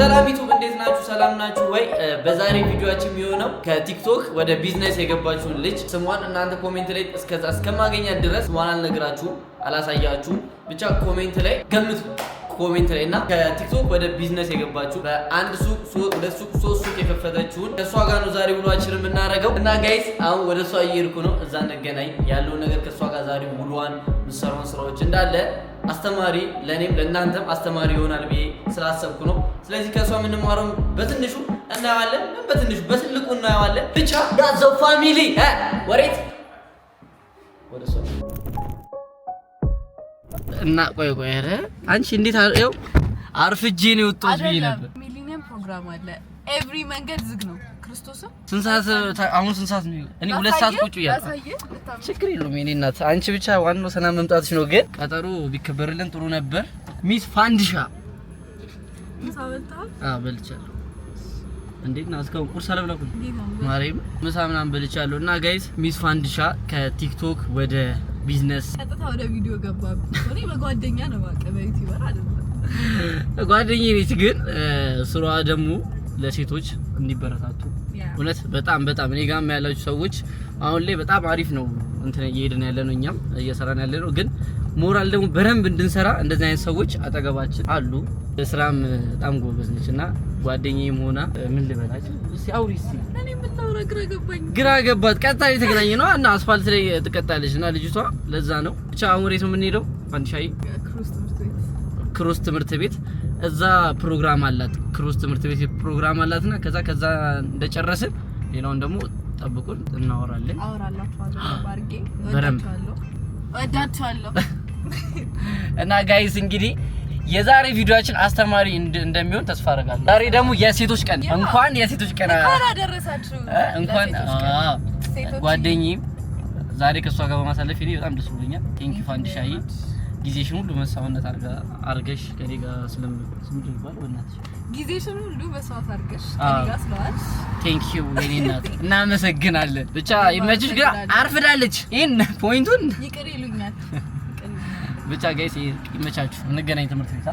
ሰላም ዩቱብ እንዴት ናችሁ? ሰላም ናችሁ ወይ? በዛሬ ቪዲዮችን የሚሆነው ከቲክቶክ ወደ ቢዝነስ የገባችሁን ልጅ ስሟን እናንተ ኮሜንት ላይ እስከዛ እስከማገኛት ድረስ ስሟን አልነግራችሁም፣ አላሳያችሁም። ብቻ ኮሜንት ላይ ገምቱ። ኮሜንት ላይ እና ከቲክቶክ ወደ ቢዝነስ የገባችው በአንድ ሱቅ ሁለት ሱቅ ሶስት ሱቅ የከፈተችውን ከእሷ ጋር ነው ዛሬ ውሏችን የምናደርገው እና ጋይስ አሁን ወደ እሷ እየሄድኩ ነው። እዛ እንገናኝ ያለውን ነገር ከእሷ ጋር ዛሬ ውሏን የምትሰራውን ስራዎች እንዳለ አስተማሪ ለእኔም ለእናንተም አስተማሪ ይሆናል ብዬ ስላሰብኩ ነው። ስለዚህ ከእሷ የምንማረው በትንሹ እናየዋለን፣ በትንሹ በትልቁ እናየዋለን። ብቻ ዳዘው ፋሚሊ ወሬት ወደ እና ቆይ ቆይ፣ ኧረ አንቺ እንዴት አይው አርፍጄ ነው የወጣሁት ብዬሽ ነበር። ሚሊኒየም ፕሮግራም አለ። ኤቭሪ መንገድ ዝግ ነው። ክርስቶስም ስንት ሰዓት አሁን ስንት ሰዓት ነው? እኔ ሁለት ሰዓት ቁጭ ብያለሁ። ችግር የለውም የእኔ እናት፣ አንቺ ብቻ ዋናው ሰላም መምጣትሽ ነው። ግን ቀጠሮ ቢከበርልን ጥሩ ነበር። ሚስ ፋንዲሻ በልቻለሁ። እንዴት ነው? እስካሁን ቁርስ አለብላኩ ማርያም ምሳ ምናምን በልቻለሁ። እና ጋይዝ ሚስ ፋንዲሻ ከቲክቶክ ወደ ቢዝነስ ቀጥታ ወደ ቪዲዮ ገባ። እኔ በጓደኛ ነው ማቀበ ዩቲበር አይደለም ጓደኛ ነች፣ ግን ስሯ ደግሞ ለሴቶች እንዲበረታቱ እውነት በጣም በጣም እኔ ጋም ያላችሁ ሰዎች አሁን ላይ በጣም አሪፍ ነው እንትን እየሄድን ያለ ነው፣ እኛም እየሰራን ያለ ነው ግን ሞራል ደግሞ በደንብ እንድንሰራ እንደዚህ አይነት ሰዎች አጠገባችን አሉ። ስራም በጣም ጎበዝ ነች እና ጓደኛዬም ሆና ምን ልበላችሁ አውሪ ግራ ገባት። ቀጣይ የተገናኘ ነው እና አስፋልት ላይ ትቀጣለች እና ልጅቷ ለዛ ነው ብቻ። አሁን ወዴት ነው የምንሄደው? ፋንዲሻዬ ክሮስ ትምህርት ቤት እዛ ፕሮግራም አላት። ክሮስ ትምህርት ቤት ፕሮግራም አላት እና ከዛ ከዛ እንደጨረስን ሌላውን ደግሞ ጠብቁን፣ እናወራለን። አወራላችኋለሁ። እና ጋይስ እንግዲህ የዛሬ ቪዲዮአችን አስተማሪ እንደሚሆን ተስፋ አደርጋለሁ። ዛሬ ደግሞ የሴቶች ቀን እንኳን የሴቶች ቀን አደረሳችሁ። እንኳን ጓደኛዬም ዛሬ ከእሷ ጋር በማሳለፍ እኔ በጣም ደስ ብሎኛል። ቴንክ ዩ ፋንድሻዬ፣ ጊዜሽን ሁሉ መስዋዕትነት አድርገሽ ከኔ ጋር ጊዜሽን ሁሉ መስዋዕት አርገሽ ከኔ ጋር ስለዋልሽ ቴንክ ዩ የኔ እናት፣ እናመሰግናለን። ብቻ ይመችሽ። ግን አርፍዳለች። ይሄን ፖይንቱን ይቅር ይሉኛል። ብቻ ጋይስ ይመቻችሁ። እንገናኝ ትምህርት ቤት።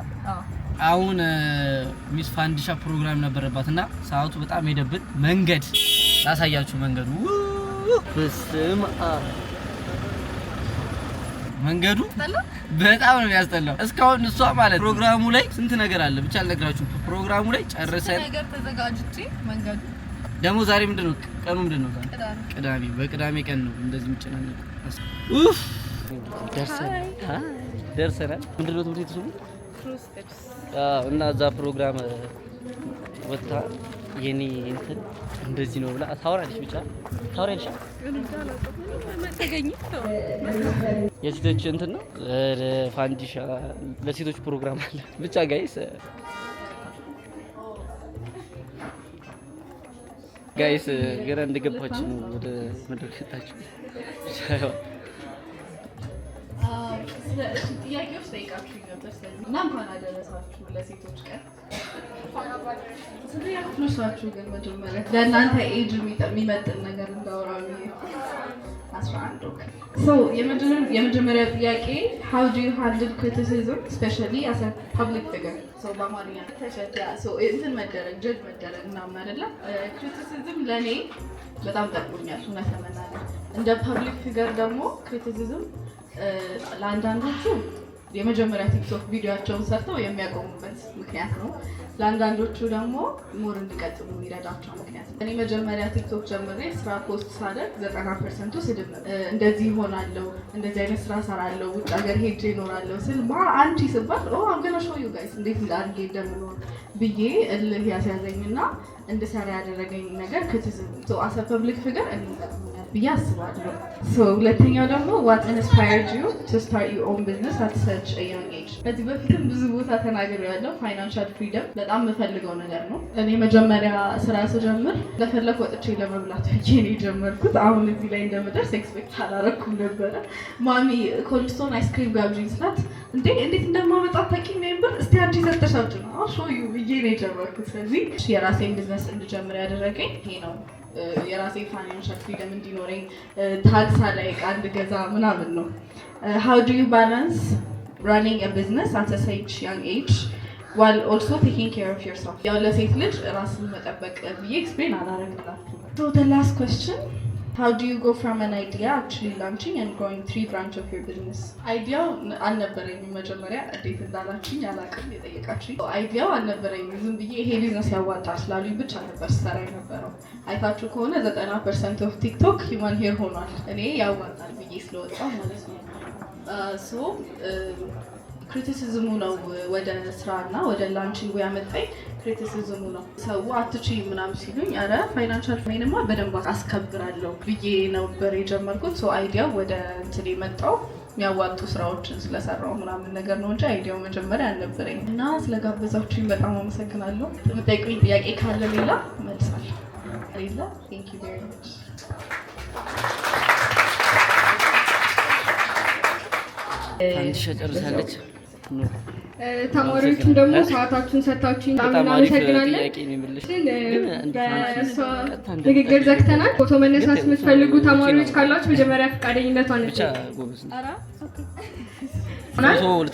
አሁን ሚስ ፋንዲሻ ፕሮግራም ነበረባት እና ሰዓቱ በጣም ሄደብን። መንገድ ላሳያችሁ። መንገዱ በስመ አብ መንገዱ በጣም ነው የሚያስጠላው። እስካሁን እሷ ማለት ፕሮግራሙ ላይ ስንት ነገር አለ ብቻ አልነግራችሁ። ፕሮግራሙ ላይ ጨርሰን ነገር ተዘጋጅቼ መንገዱ ደግሞ ዛሬ ምንድን ነው ቀኑ? ምንድን ነው ዛሬ? ቅዳሜ። በቅዳሜ ቀን ነው እንደዚህ ምጭና ነው ደርሰናል። ምንድን ነው ትምህርት ቤቱ ስሙ? እና እዛ ፕሮግራም ወጥታ የኔ እንትን እንደዚህ ነው ብላ ታወራለች። ብቻ ታወራለች። የሴቶች እንትን ነው ፋንዲሻ ለሴቶች ፕሮግራም አለ። ብቻ ጋይስ ጋይስ ገና እንደገባች ነው ወደ መድረክ ጥያቄዎች ጠይቃችሁ ለሴቶች ቀን። ስንት ግን መጀመሪያ ለእናንተ ኤጅ የሚመጥን ነገር እንዳወራ የመጀመሪያ ጥያቄ ሀው ዱ ዩ ሃንድል ክሪቲሲዝም አስ ፐብሊክ ፊገር በአማርኛ እንትን መደረግ ጀጅ መደረግ ምናምን አይደለም። ክሪቲሲዝም ለእኔ በጣም ጠቅሞኛል እውነት ለመናገር እንደ ፐብሊክ ፊገር ደግሞ ክሪቲሲዝም ለአንዳንዶቹ የመጀመሪያ ቲክቶክ ቪዲዮቸውን ሰርተው የሚያቆሙበት ምክንያት ነው። ለአንዳንዶቹ ደግሞ ሞር እንዲቀጥሉ የሚረዳቸው ምክንያት ነው። እኔ መጀመሪያ ቲክቶክ ጀምሬ ስራ ፖስት ሳደርግ ዘጠና ፐርሰንቱ ስድብ ነው። እንደዚህ ይሆናለው፣ እንደዚህ አይነት ስራ ሰራለው፣ ውጭ ሀገር ሄጄ ይኖራለው ስል ማ አንቺ ስባል አምገና ሾዩ ጋይስ እንዴት እንዳርጌ እንደምኖር ብዬ እልህ ያስያዘኝና እንድሰራ ያደረገኝ ነገር ክትዝም አሰ ፐብሊክ ፊገር እንጠቅሙ ብዬ አስባለሁ። ሁለተኛው ደግሞ ዋት ኢንስፓየርድ ዩ ቱ ስታርት ዩር ኦን ቢዝነስ አት ሰች አ ያንግ ኤጅ። ከዚህ በፊትም ብዙ ቦታ ተናግሬያለሁ። ፋይናንሻል ፍሪደም በጣም የምፈልገው ነገር ነው። እኔ መጀመሪያ ስራ ስጀምር ለፈለግ ወጥቼ ለመብላት ብዬ ነው የጀመርኩት። አሁን እዚህ ላይ እንደምደርስ ኤክስፔክት አላረኩም ነበረ። ማሚ ኮልድስቶን አይስክሪም ጋብዥኝ ስላት እንዴ እንዴት እንደማመጣት ታቂ ሜምበር እስቲ አንቺ ሰጥተሻጭ ነው ሾዩ ብዬ ነው የጀመርኩት። ስለዚህ የራሴን ቢዝነስ እንድጀምር ያደረገኝ ይሄ ነው። የራሴ ፋይናንሻል ፍሪደም እንዲኖረኝ ታክስ አላይቅ አንድ ገዛ ምናምን ነው። ሀው ዱ ዩ ባላንስ ራኒንግ ቢዝነስ አት ሰች ያንግ ኤጅ ዋል ኦልሶ ቴኪንግ ኬር ኦፍ ዮርሰልፍ። ያው ለሴት ልጅ ራስን መጠበቅ ብዬ ኤክስፕሌን አላረግላችሁ። ሶ ተ ላስት ኮስችን ሀው ዱ ዩ ጎ ፍሮም አን አይዲያ አክቹዋሊ ላንቺንግ ኤንድ ግሮዊንግ ትሪ ብራንች ኦፍ ዮር ቢዝነስ። አይዲያው አልነበረኝም መጀመሪያ እንዴት እንዳላችሁኝ አላውቅም። የጠየቃችሁኝ አይዲያው አልነበረኝም። ዝም ብዬ ይሄ ቢዝነስ ያዋጣል ስላሉኝ ብቻ ነበር ስሰራ የነበረው። አይታችሁ ከሆነ ዘጠና ፐርሰንት ኦፍ ቲክቶክ ሂውማን ሄር ሆኗል። እኔ ያዋጣል ብዬ ስለወጣው ማለት ነው ክሪቲሲዝሙ ነው ወደ ስራና ወደ ላንቺንጉ ያመጣኝ። ክሪቲሲዝሙ ነው። ሰው አትች ምናምን ሲሉኝ ኧረ ፋይናንሻል ፌንማ በደንብ አስከብራለሁ ብዬ ነበር የጀመርኩት። ሰው አይዲያ ወደ እንትን የመጣው የሚያዋጡ ስራዎችን ስለሰራው ምናምን ነገር ነው እንጂ አይዲያው መጀመሪያ አልነበረኝ እና ስለጋበዛችሁኝ በጣም አመሰግናለሁ። የምጠይቁኝ ጥያቄ ካለ ሌላ መልሳለሁ። ሌላ ቴንክ ዩ ቬሪ ማች አንድ ሸጨርሳለች ተማሪዎችም ደግሞ ሰዓታችሁን ሰጥታችሁ እናመሰግናለን። ንግግር ዘግተናል። ፎቶ መነሳት የምትፈልጉ ተማሪዎች ካላችሁ መጀመሪያ ፈቃደኝነቷን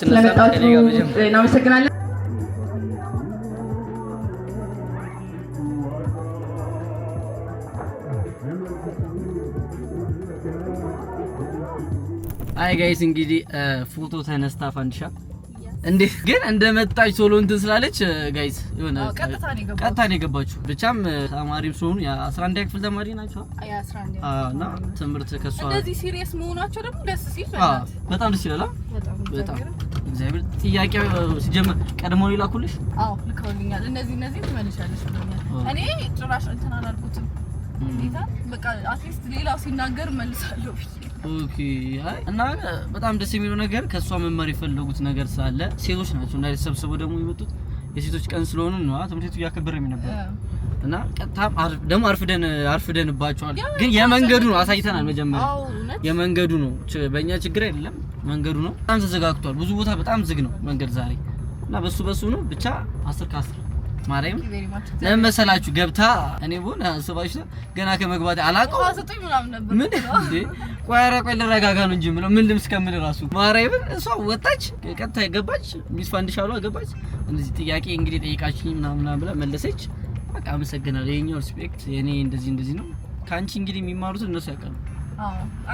ስለመጣችሁ እናመሰግናለን። አይ ጋይስ እንግዲህ ፎቶ ተነስታ ፋንድሻ እንዴ ግን እንደመጣች ቶሎ እንትን ስላለች ጋይስ የሆነ ቀጥታ ነው የገባችሁ። ብቻም ተማሪም ስለሆኑ የ11 ክፍል ተማሪ ናቸው እና ትምህርት ከሷ እንደዚህ ሲሪየስ መሆናቸው ደግሞ ደስ ሲል በጣም ደስ ይላል። በጣም እግዚአብሔር ጥያቄ ሲጀምር ቀድሞ ይላኩልሽ። አዎ ልከውልኛል። እነዚህ እነዚህ ትመልሻለሽ ብሎኛል። እኔ ጭራሽ እንትን አላልኩትም። እንዴታ በቃ አትሊስት ሌላው ሲናገር መልሳለሁ ብዬ እና በጣም ደስ የሚለው ነገር ከእሷ መማር የፈለጉት ነገር ስላለ ሴቶች ናቸው እና ተሰብስበው ደግሞ የመጡት የሴቶች ቀን ስለሆኑ ነው። ትምህርት ቤቱ እያከበረ ነበር እና ቀጥታም ደግሞ አርፍደን አርፍደንባቸዋል። ግን የመንገዱ ነው አሳይተናል። መጀመሪያ የመንገዱ ነው፣ በእኛ ችግር አይደለም። መንገዱ ነው። በጣም ተዘጋግቷል። ብዙ ቦታ በጣም ዝግ ነው መንገድ ዛሬ እና በሱ በሱ ነው ብቻ አስር ከአስር ማርያም ለምን መሰላችሁ ገብታ እኔ ቡን አስባችሁ ገና ከመግባት አላውቀው ምን እንዴ ቆይ ኧረ ቆይ ልረጋጋ ነው እንጂ ምለው ምን ልምስ ከምል ራሱ ማርያም እሷ ወጣች ቀጥታ ገባች ሚስ ፋንድሻሏ ገባች እንደዚህ ጥያቄ እንግዲህ ጠይቃችኝ ምናምን ብላ መለሰች በቃ አመሰግናለሁ የኛው ሪስፔክት የኔ እንደዚህ እንደዚህ ነው ከአንቺ እንግዲህ የሚማሩት እነሱ ያውቃሉ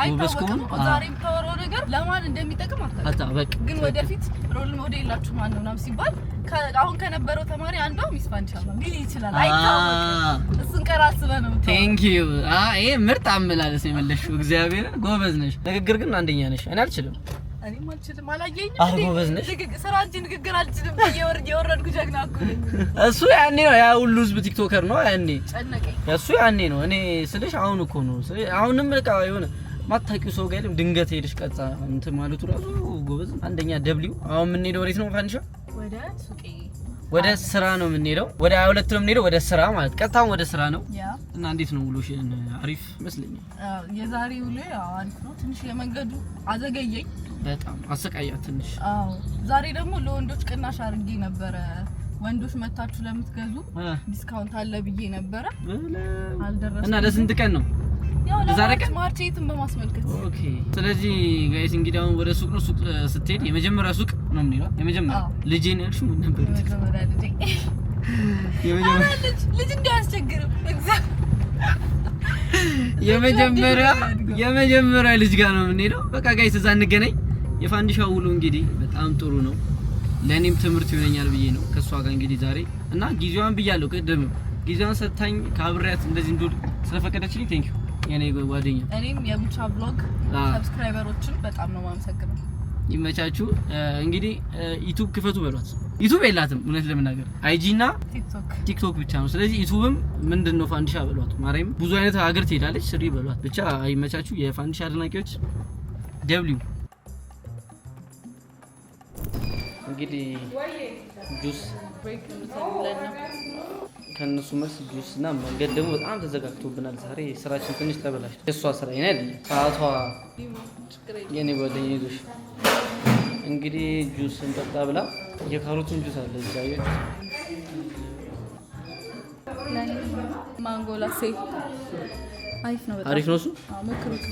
አይታወቅም። ዛሬ የምታወራው ነገር ለማን እንደሚጠቅም አታውቅም። ግን ወደፊት ሮል ሞዴል የላችሁ ማን ነው ምናምን ሲባል አሁን ከነበረው ተማሪ አንዷ ሚስ ፋንዲሻ ቢል ይችላል። አይታወቅም። እሱን ቀር አስበህ ነው። ቴንክ ዩ። ይሄ ምርጥ አመላለስ የመለሽው። እግዚአብሔርን ጎበዝ ነሽ። ንግግር ግን አንደኛ ነሽ። እኔ አልችልም። እሱ ያኔ ነው ያ ሁሉ ህዝብ ቲክቶከር ነው ያኔ እሱ ያኔ ነው። እኔ ስልሽ አሁን እኮ ነው። አሁንም በቃ የሆነ ማታውቂው ሰው ጋር ድንገት ሄደሽ ቀጻ እንትን ማለቱ ራሱ ጎበዝ። አንደኛ ደብሊው አሁን የምንሄደው ወዴት ነው? ፋንሻ ወደ ስራ ነው የምንሄደው። ወደ ሁለት ነው የምንሄደው። ወደ ስራ ማለት ቀጥታውን ወደ ስራ ነው እና እንዴት ነው ውሎሽን? አሪፍ ይመስለኛል። የዛሬ ውሎ አሪፍ ነው። ትንሽ የመንገዱ አዘገየኝ፣ በጣም አሰቃያት ትንሽ። አዎ ዛሬ ደግሞ ለወንዶች ቅናሽ አድርጌ ነበረ። ወንዶች መታችሁ ለምትገዙ ዲስካውንት አለ ብዬ ነበረ፣ አልደረሰ እና ለስንት ቀን ነው? ያው ለማርኬት ማርኬትን በማስመልከት ኦኬ። ስለዚህ ጋይስ እንግዲህ አሁን ወደ ሱቅ ነው። ሱቅ ስትሄድ የመጀመሪያ ሱቅ ነው ምን የሚለው የመጀመሪያ ነው ያልሽው ምን ነበር? የመጀመሪያ ልጅ ልጅ እንዲያስቸግርም የመጀመሪያ የመጀመሪያ ልጅ ጋር ነው የምንሄደው። በቃ ጋይስ እዛ እንገናኝ። የፋንዲሻው ውሎ እንግዲህ በጣም ጥሩ ነው። ለእኔም ትምህርት ይሆነኛል ብዬ ነው ከእሷ ጋር እንግዲህ ዛሬ እና ጊዜዋን ብያለሁ ቅድም ጊዜዋን ሰጥታኝ ከአብሬያት እንደዚህ እንድውል ስለፈቀደችልኝ ቴንኪዩ የኔ ጓደኛ። እኔም የቡቻ ብሎግ ሰብስክራይበሮችን በጣም ነው ማመሰግነው። ይመቻችሁ። እንግዲህ ዩቲዩብ ክፈቱ በሏት ዩቱብ የላትም እውነት ለመናገር አይጂ እና ቲክቶክ ብቻ ነው። ስለዚህ ዩቱብም ምንድን ነው ፋንዲሻ በሏት፣ ማርያም ብዙ አይነት ሀገር ትሄዳለች፣ ስሪ በሏት ብቻ አይመቻችሁ። የፋንዲሻ አድናቂዎች ደብሊው እንግዲህ ጁስ ከእነሱ መልስ ጁስ እና መንገድ ደግሞ በጣም ተዘጋግቶብናል ዛሬ። ስራችን ትንሽ ተበላሽ። የእሷ ስራ ይን አይደለ ሰዓቷ የኔ ጓደኛ ይዞሽ እንግዲህ ጁስ እንጠጣ ብላ የካሮቱን ጁስ አለ እዛየች ማንጎ ላሴ አሪፍ ነው። አሪፍ ነው። እሱ ሞክሩት።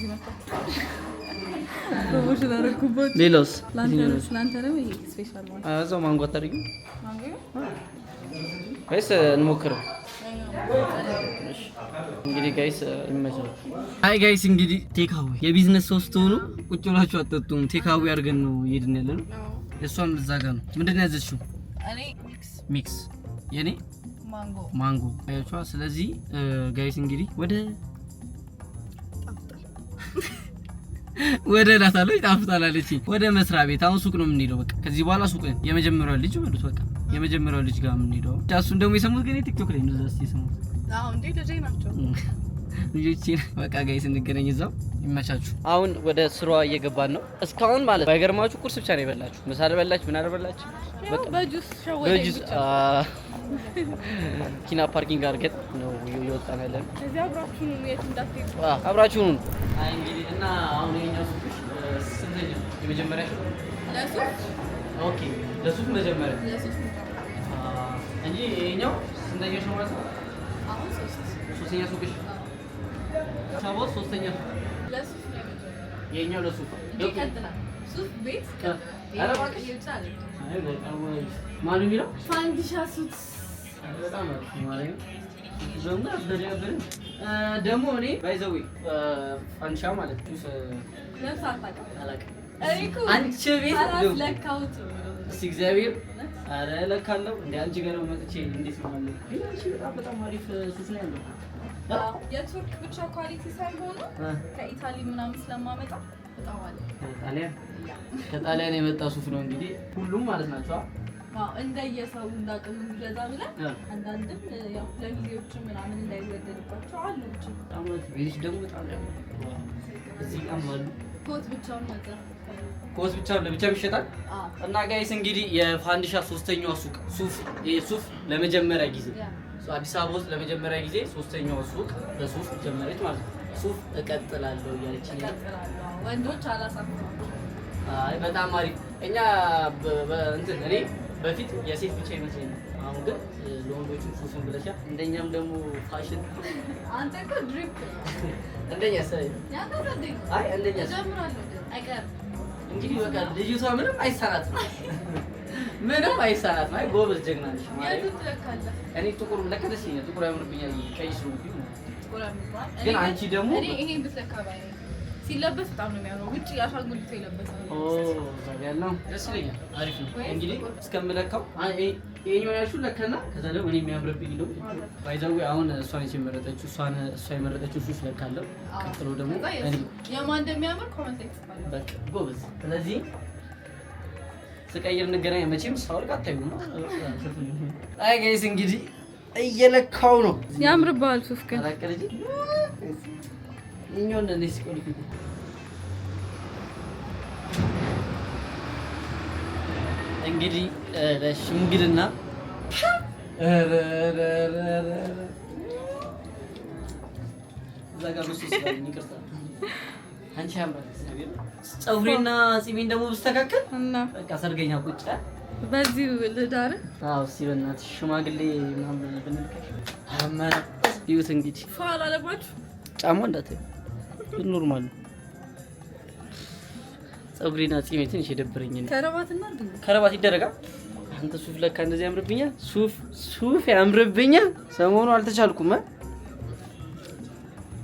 ፕሮሞሽን አደረኩበት። ሌላውስ ለአንተንም ስፔሻል እዛው ማንጎ አታደርጊም ወይስ እንሞክረው? እንግዲህ ጋይስ ይመቻል። አይ ጋይስ እንግዲህ ቴካዊ የቢዝነስ ሰው ስትሆኑ ቁጭ ብላችሁ አትጠጡም። ቴካዊ አድርገን ነው እየሄድን ያለ ነው እሷም እዛ ጋ ነው። ምንድን ነው ያዘችው? ሚክስ የኔ ማንጎ ማንጎ ያቸዋ። ስለዚህ ጋይስ እንግዲህ ወደ ወደ ላታለች ጣፍጣል አለች። ወደ መስሪያ ቤት አሁን ሱቅ ነው የምንሄደው። በቃ ከዚህ በኋላ ሱቅ የመጀመሪያው ልጅ በሉት በቃ የመጀመሪያው ልጅ ጋር የምንሄደው። እሱን ደግሞ የሰሙት ግን ቲክቶክ ላይ ነው። እዛ እስኪ የሰሙት እንዴ ልጄ ናቸው ልጆችን በቃ ጋይ ስንገናኝ እዛው ይመቻችሁ። አሁን ወደ ስሯ እየገባን ነው። እስካሁን ማለት ባይገርማችሁ ቁርስ ብቻ ነው የበላችሁ። ምሳ አልበላችሁ፣ ምን አልበላችሁ። በጁስ መኪና ፓርኪንግ አድርገን ነው እየወጣን ያለ ነው። አብራችሁኑ ኦኬ ለሱቅ መጀመሪያ እንጂ ይሄኛው ስንተኛ ሰው ማለት ነው? ሶስተኛ ሱቅሽ ሰቦት ሶስተኛ ለሱፍ ቤት ደግሞ እኔ ባይዘዌ ፋንዲሻ ማለት አንቺ ቤት እግዚአብሔር ኧረ እለካለሁ እንደ አንቺ ጋር መጥቼ እንዴት ነው? በጣም አሪፍ ሱስ ነው ያለው የቱርክ ብቻ ኳሊቲ ሳይሆኑ ከኢታሊ ምናምን ስለማመጣ ጣሊያን ከጣሊያን የመጣ ሱፍ ነው እንግዲህ ሁሉም ማለት ናቸው። እንደየሰው እና ቅም እንዲገዛ ብለን አንዳንድም ለጊዜዎች ምናምን እንዳይወደድባቸው አሉ። ደግሞ በጣም ኮት ብቻ ነበር ኮት ብቻ ለብቻ ይሸጣል። እና ጋይስ እንግዲህ የፋንዲሻ ሶስተኛዋ ሱቅ ሱፍ ይሄ ሱፍ ለመጀመሪያ ጊዜ አዲስ አበባ ውስጥ ለመጀመሪያ ጊዜ ሶስተኛው ሱቅ በሱፍ ጀመረች ማለት ነው። ሱፍ እቀጥላለሁ እያለች ወንዶች በጣም አሪፍ እኛ እንትን እኔ በፊት የሴት ብቻ ይመስለኝ፣ አሁን ግን ለወንዶቹ ሱፍን ብለሻ እንደኛም ደግሞ ፋሽን አንተ እኮ ድሪፕ እንደኛ አይ እንደኛ እንግዲህ በቃ ልጅቷ ምንም አይሰራትም። ምንም አይሳናት ማለት ጎበዝ ጀግና ነሽ። እኔ ጥቁር ለካ ደስ ይለኛል። ጥቁር አይሆንብኛል። ቀይ ግን አንቺ ደግሞ ይሄን ብትለካ ሲለበስ በጣም ነው የሚያምረው። ውጭ አሻንጉሊት የለበሰ ነው ደስ ይለኛል። አሪፍ ነው እንግዲህ እስከምለካው ይሄኛው ያልሽው ለከና ከዛ ደግሞ እኔ የሚያምርብኝ ነው ባይዘው አሁን እሷን የመረጠችው እሷን እሷ የመረጠችው እሱ ስለካለው ቀጥሎ ደግሞ የማን እንደሚያምር ኮመንት ላይ በቃ ጎበዝ ስለዚህ ስቀይር እንገናኝ። መቼም ሳወልቅ አታዩ ነው። አይ ጋይስ እንግዲህ እየለካው ነው። ያምርባል ሱፍ ግን እንግዲህ ለሽምግልና እዛ ጋር ፀጉሬና ጺሜን ደግሞ ብስተካከል እና በቃ ሰርገኛ ቁጭ ልዳር። አዎ እስኪ በእናትሽ ሽማግሌ ምናምን ብንልከሽ። እንግዲህ ፋል አለባችሁ። ጫማ እንዳታይ ኖርማል ነው። ጺሜ ትንሽ የደበረኝ ከረባት ይደረጋል። አንተ ሱፍ ለካ እንደዚህ ያምርብኛል። ሱፍ ሱፍ ያምርብኛል። ሰሞኑ አልተቻልኩም።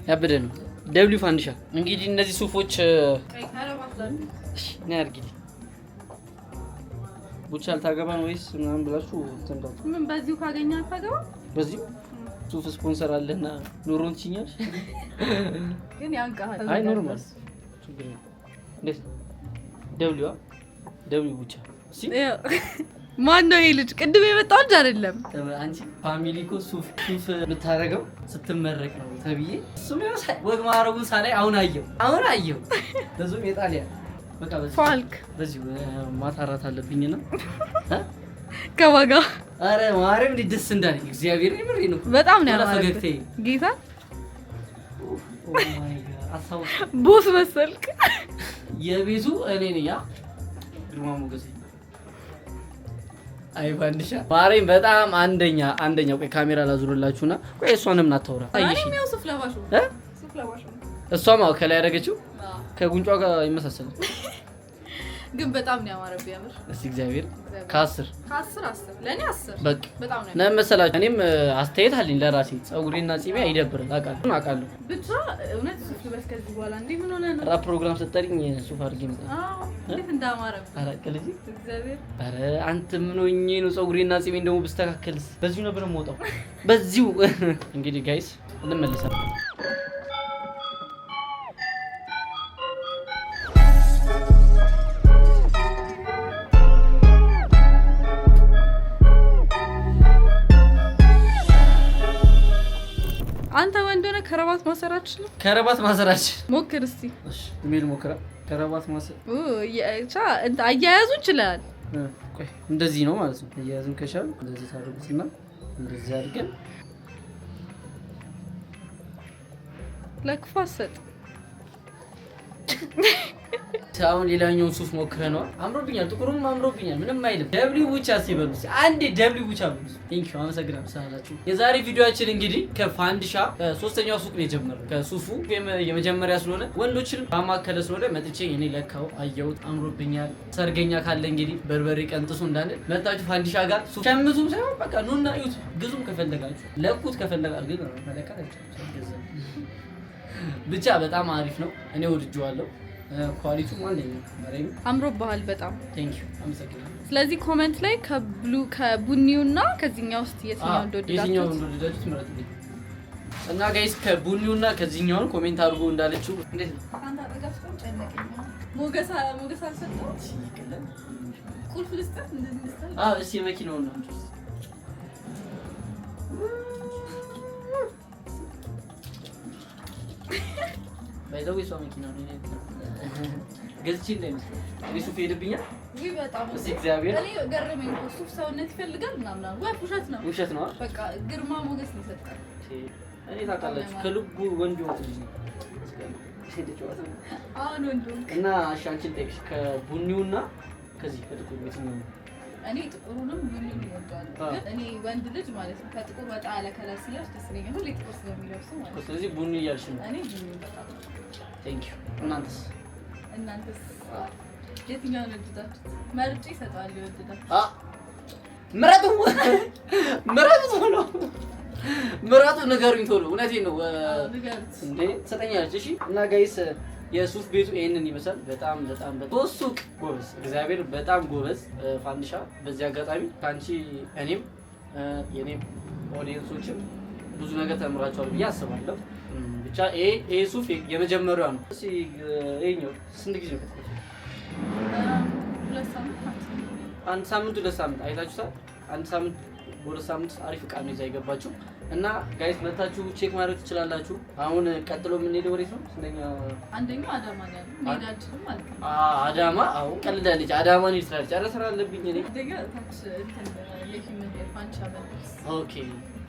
ያበደ ነው ደብሊው ፋንዲሻ እንግዲህ እነዚህ ሱፎች ነ ያርግል ቡቻ ነው ወይስ ምናምን ብላችሁ ተንዳችሁ ምን በዚሁ ካገኘ አልታገባ በዚሁ ሱፍ ስፖንሰር አለና ኑሮን ሲኛል ግን ያንቃሃል። አይ ኖርማል ችግር ነው። ደብሊዋ ደብሊው ቡቻ ማን ነው ይሄ ልጅ? ቅድም የመጣው ልጅ አይደለም። አንቺ ፋሚሊ እኮ ሱፍ ሱፍ የምታደርገው ስትመረቅ ነው ተብዬ እሱም ወግ ማረጉን ሳላይ አሁን አየው አሁን አየው። ብዙም የጣሊያ በቃ ፋልክ በዚህ ማታራት አለብኝ ነው ከባጋ አረ ማረም እንዴት ደስ እንዳለኝ እግዚአብሔር ይምሪ ነው። በጣም ነው ያላፈገግቴ ጌታ ቦስ መሰልክ የቤቱ እኔ ነኝ ያ ግርማ ሞገሴ አይ ባንድሻ ማሬም በጣም አንደኛ አንደኛ። ቆይ ካሜራ ላዙርላችሁና ቆይ እሷንም ናታውራ እሷም ከላይ ያደረገችው ከጉንጯ ጋር ይመሳሰላል። ግን በጣም ነው ያማረብ። ያምር እስቲ እግዚአብሔር ከአስር ከአስር አስር ለእኔ አስር በቃ በጣም ነው መሰላችሁ። እኔም አስተያየት አለኝ ለራሴ ፀጉሬና ጺቤ አይደብርም። አውቃለሁ አውቃለሁ። ብቻ እውነት ሱፍ ልበስ ከዚህ በኋላ እንዴ ምን ሆነ ነው ራ ፕሮግራም ስጠሪኝ ሱፍ አድርጌ መጣ። አዎ እንዴት እንዳማረብ አራቀል እዚህ እግዚአብሔር። ኧረ አንተ ምን ሆኜ ነው ፀጉሬና ጺቤን ደግሞ ብስተካከልስ? በዚሁ ነበር የምወጣው በዚሁ። እንግዲህ ጋይስ እንመለሳለን። ከረባት ማሰራች ነው። ከረባት ማሰራች ሞክር እስቲ ሜል ሞክራ ከረባት ማሰር አያያዙ እንችላል። እንደዚህ ነው ማለት ነው። አያያዙን ከቻሉ እንደዚህ ታደርጉትና እንደዚህ አድርገን ለክፋ ሰጥ አሁን ሌላኛውን ሱፍ ሞክረ ነው። አምሮብኛል፣ ጥቁሩም አምሮብኛል። ምንም አይልም። ደብሊው ቡቻ ሲበሉ አንዴ ደብሊው ቡቻ ብሉ። ቴንክ አመሰግናለሁ ስላላችሁ። የዛሬ ቪዲዮችን እንግዲህ ከፋንድሻ ሶስተኛው ሱቅ ነው የጀመረው። ከሱፉ የመጀመሪያ ስለሆነ ወንዶችን ባማከለ ስለሆነ መጥቼ እኔ ለካው አየሁት፣ አምሮብኛል። ሰርገኛ ካለ እንግዲህ በርበሬ ቀንጥሱ እንዳለ መጣችሁ ፋንድሻ ጋር ሱፍ ሸምቱም ሳይሆን በቃ ኑና እዩት፣ ግዙም ከፈለጋችሁ፣ ለቁት ከፈለጋችሁ ግን መለካት ብቻ በጣም አሪፍ ነው። እኔ ወድጄዋለሁ። ኳሊቲ ማንኛው አምሮብሃል በጣም ስለዚህ ኮመንት ላይ ከብሉ ከቡኒው እና ከዚህኛው ውስጥ የትኛው እንደወደዳችሁት እና ጋይስ ከቡኒውና እና ኮሜንት አድርጎ እንዳለችው እንዴት ነው ሞገስ መኪናውን ነው ባይዘው የሷ መኪና ነው። ገዝቼ እንዳይመስል ሱፍ እዚህ እግዚአብሔር ገረመኝ። ሱፍ ሰውነት ይፈልጋል ምናምን። ውሸት ነው፣ ውሸት ነው። በቃ ግርማ ሞገስ ነው ይሰጣል። እኔ ታውቃላችሁ፣ ከልቡ ወንድ እና ሻንችን ጠይቅሽ ከቡኒውና ከዚህ ከጥቁር ነው እኔ ጥቁሩንም ሁሉም ይወዳሉ። እኔ ወንድ ልጅ ማለት ነው ከጥቁር ወጣ ያለ ከለር ሲለብስ ደስ ይለኛል። ሁሌ ጥቁር ስለሚለብሱ ማለት ነው። ስለዚህ ቡኒ እያልሽ ነው? እኔ ቡኒ በጣም ቴንክ ዩ። እናንተስ እናንተስ የትኛውን ወደዳችሁት? መርጭ እሰጣለሁ። የወደዳችሁት አ ምረጡ፣ ምረጡ ነው ምረጡ። ንገሩኝ ቶሎ። እውነቴን ነው እንዴ። ትሰጠኛለች። እሺ እና ጋይስ የሱፍ ቤቱ ይህንን ይመስላል። በጣም በጣም ሶስት ሱቅ ጎበዝ፣ እግዚአብሔር በጣም ጎበዝ ፋንዲሻ። በዚህ አጋጣሚ ከአንቺ እኔም የኔም ኦዲየንሶችም ብዙ ነገር ተምራቸዋል ብዬ አስባለሁ። ብቻ ይሄ ሱፍ የመጀመሪያ ነው። ይኸኛው ስንት ጊዜ ነው? አንድ ሳምንት ሁለት ሳምንት አይታችሁታል። አንድ ሳምንት ወደ ሳምንት አሪፍ እቃ ነው ይዛ የገባችው እና ጋይስ መታችሁ ቼክ ማድረግ ትችላላችሁ። አሁን ቀጥሎ የምንሄደው ወዴት ነው? ስለኛ አንደኛው አዳማ ነው። ሄዳችሁ ማለት ነው። አዳማ አዎ፣ ቀልዳለች። አዳማ ነው ትላለች። ኧረ ስራ አለብኝ እኔ። ኦኬ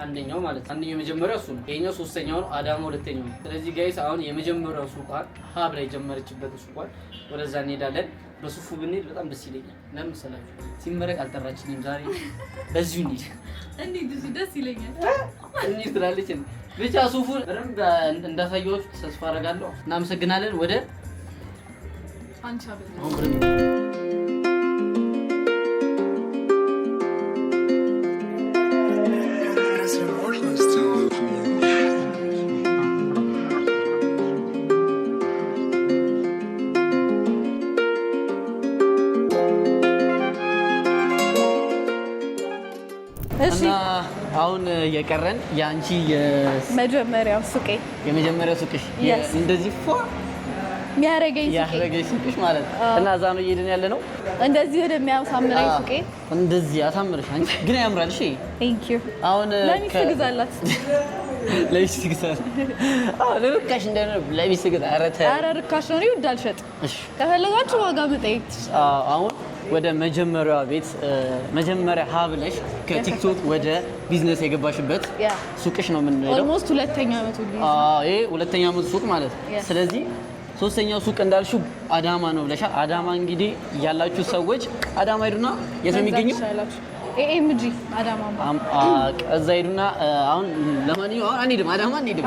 አንደኛው ማለት አንደኛው የመጀመሪያው እሱ ነው። ይሄኛው ሶስተኛው ነው። አዳማ ሁለተኛው ነው። ስለዚህ ጋይስ አሁን የመጀመሪያው ሱቋን ሀብ ላይ ጀመረችበት ሱቋን ወደዛ እንሄዳለን። በሱፉ ብንሄድ በጣም ደስ ይለኛል። ለምን መሰላችሁ? ሲመረቅ አልጠራችንም። ዛሬ በዚሁ እንሂድ እንሂድ፣ እዚሁ ደስ ይለኛል እንሂድ ትላለች። ብቻ ሱፉ በደንብ እንዳሳየዎች ተስፋ አደርጋለሁ። እናመሰግናለን። ወደ አንቻ የቀረን የአንቺ መጀመሪያው ሱቄ የመጀመሪያው ሱቄሽ እንደዚህ ፏ የሚያረገኝ ሱቄሽ ማለት ነው። እና እዛ ነው እየሄድን ያለ ነው። እንደዚህ ወደ ወደሚያሳምረኝ ሱቄ እንደዚህ አሳምርሽ። አንቺ ግን ያምራል። እሺ አሁን ለሚስት ግዛላት፣ ለሚስት ግዛላት። ርካሽ እንደሆነ ለሚስት ግዛ። ኧረ ርካሽ ነው። ይወዳል ሸጥ ከፈለጋችሁ ዋጋ መጠየቅ አሁን ወደ መጀመሪያ ቤት መጀመሪያ ሀብለሽ ከቲክቶክ ወደ ቢዝነስ የገባሽበት ሱቅሽ ነው የምንሄደው። ሁለተኛ ዓመቱ ይሄ ሁለተኛ ዓመቱ ሱቅ ማለት ነው። ስለዚህ ሶስተኛው ሱቅ እንዳልሽው አዳማ ነው ብለሻ። አዳማ እንግዲህ ያላችሁ ሰዎች አዳማ ሄዱና የት ነው የሚገኘው? ኤኤምጂ አዳማ እዛ ሄዱና አሁን ለማንኛውም አንሄድም፣ አዳማ አንሄድም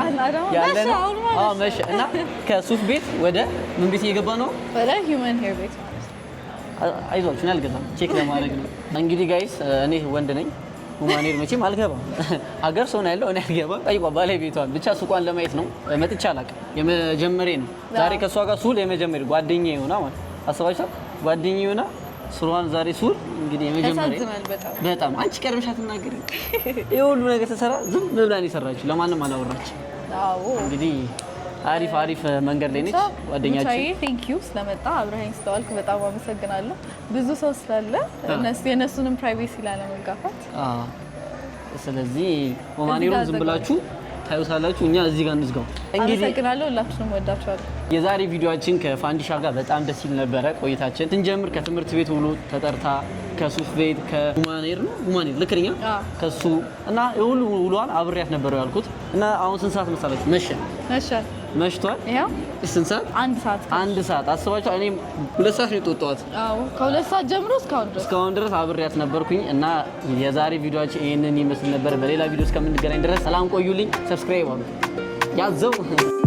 ያለ ነው እና ከሱፍ ቤት ወደ ምን ቤት እየገባ ነው? ወደ ሂውመን ሄር ቤት አይዟችሁ እኔ አልገዛም፣ ቼክ ለማድረግ ነው። እንግዲህ ጋይስ እኔ ወንድ ነኝ፣ ሁማኔር መቼም አልገባም። ሀገር ሰው ነው ያለው፣ እኔ አልገባም። ጠይቋ ባለቤቷን ብቻ ሱቋን ለማየት ነው መጥቼ አላውቅም። የመጀመሪያ ነው ዛሬ ከእሷ ጋር ሱል የመጀመሪያ ጓደኛ የሆና ማለት አስባችኋል፣ ጓደኛ የሆና ስሯን ዛሬ ሱል እንግዲህ የመጀመሪያ በጣም አንቺ ቀድመሽ አትናገሪም። ይህ ሁሉ ነገር ተሰራ፣ ዝም ብላ ነው የሰራችው፣ ለማንም አላወራችም። እንግዲህ አሪፍ አሪፍ መንገድ ላይ ነች ጓደኛችን። ዩ ስለመጣ አብረሃኝ ስለዋልክ በጣም አመሰግናለሁ። ብዙ ሰው ስላለ የእነሱንም ፕራይቬሲ ላለመጋፋት ስለዚህ ኦማኔሮን ዝም ብላችሁ ታዩታላችሁ። እኛ እዚህ ጋር እንዝጋው። እንግዲህ አመሰግናለሁ። ሁላችሁንም ወዳችኋለሁ። የዛሬ ቪዲዮአችን ከፋንዲሻ ጋር በጣም ደስ ይል ነበረ ቆይታችን። ስንጀምር ከትምህርት ቤት ውሎ ተጠርታ ከሱፍ ቤት ከሁማኔር ነው ሁማኔር ልክኛ ከሱ እና የሁሉ ውሏን አብሬያት ነበረው ያልኩት እና አሁን ስንት ሰዓት መሰላችሁ? መሸ መሸ መሽቷል። ያው ስንት ሰዓት? አንድ ሰዓት አንድ ሰዓት አስባችሁ። እኔ ሁለት ሰዓት ነው የጠዋት። አዎ ከሁለት ሰዓት ጀምሮ እስካሁን ድረስ እስካሁን ድረስ አብሬያት ነበርኩኝ እና የዛሬ ቪዲዮአችን ይሄንን ይመስል ነበር። በሌላ ቪዲዮ እስከምንገናኝ ድረስ ሰላም ቆዩልኝ። ሰብስክራይብ አሉ ያዘው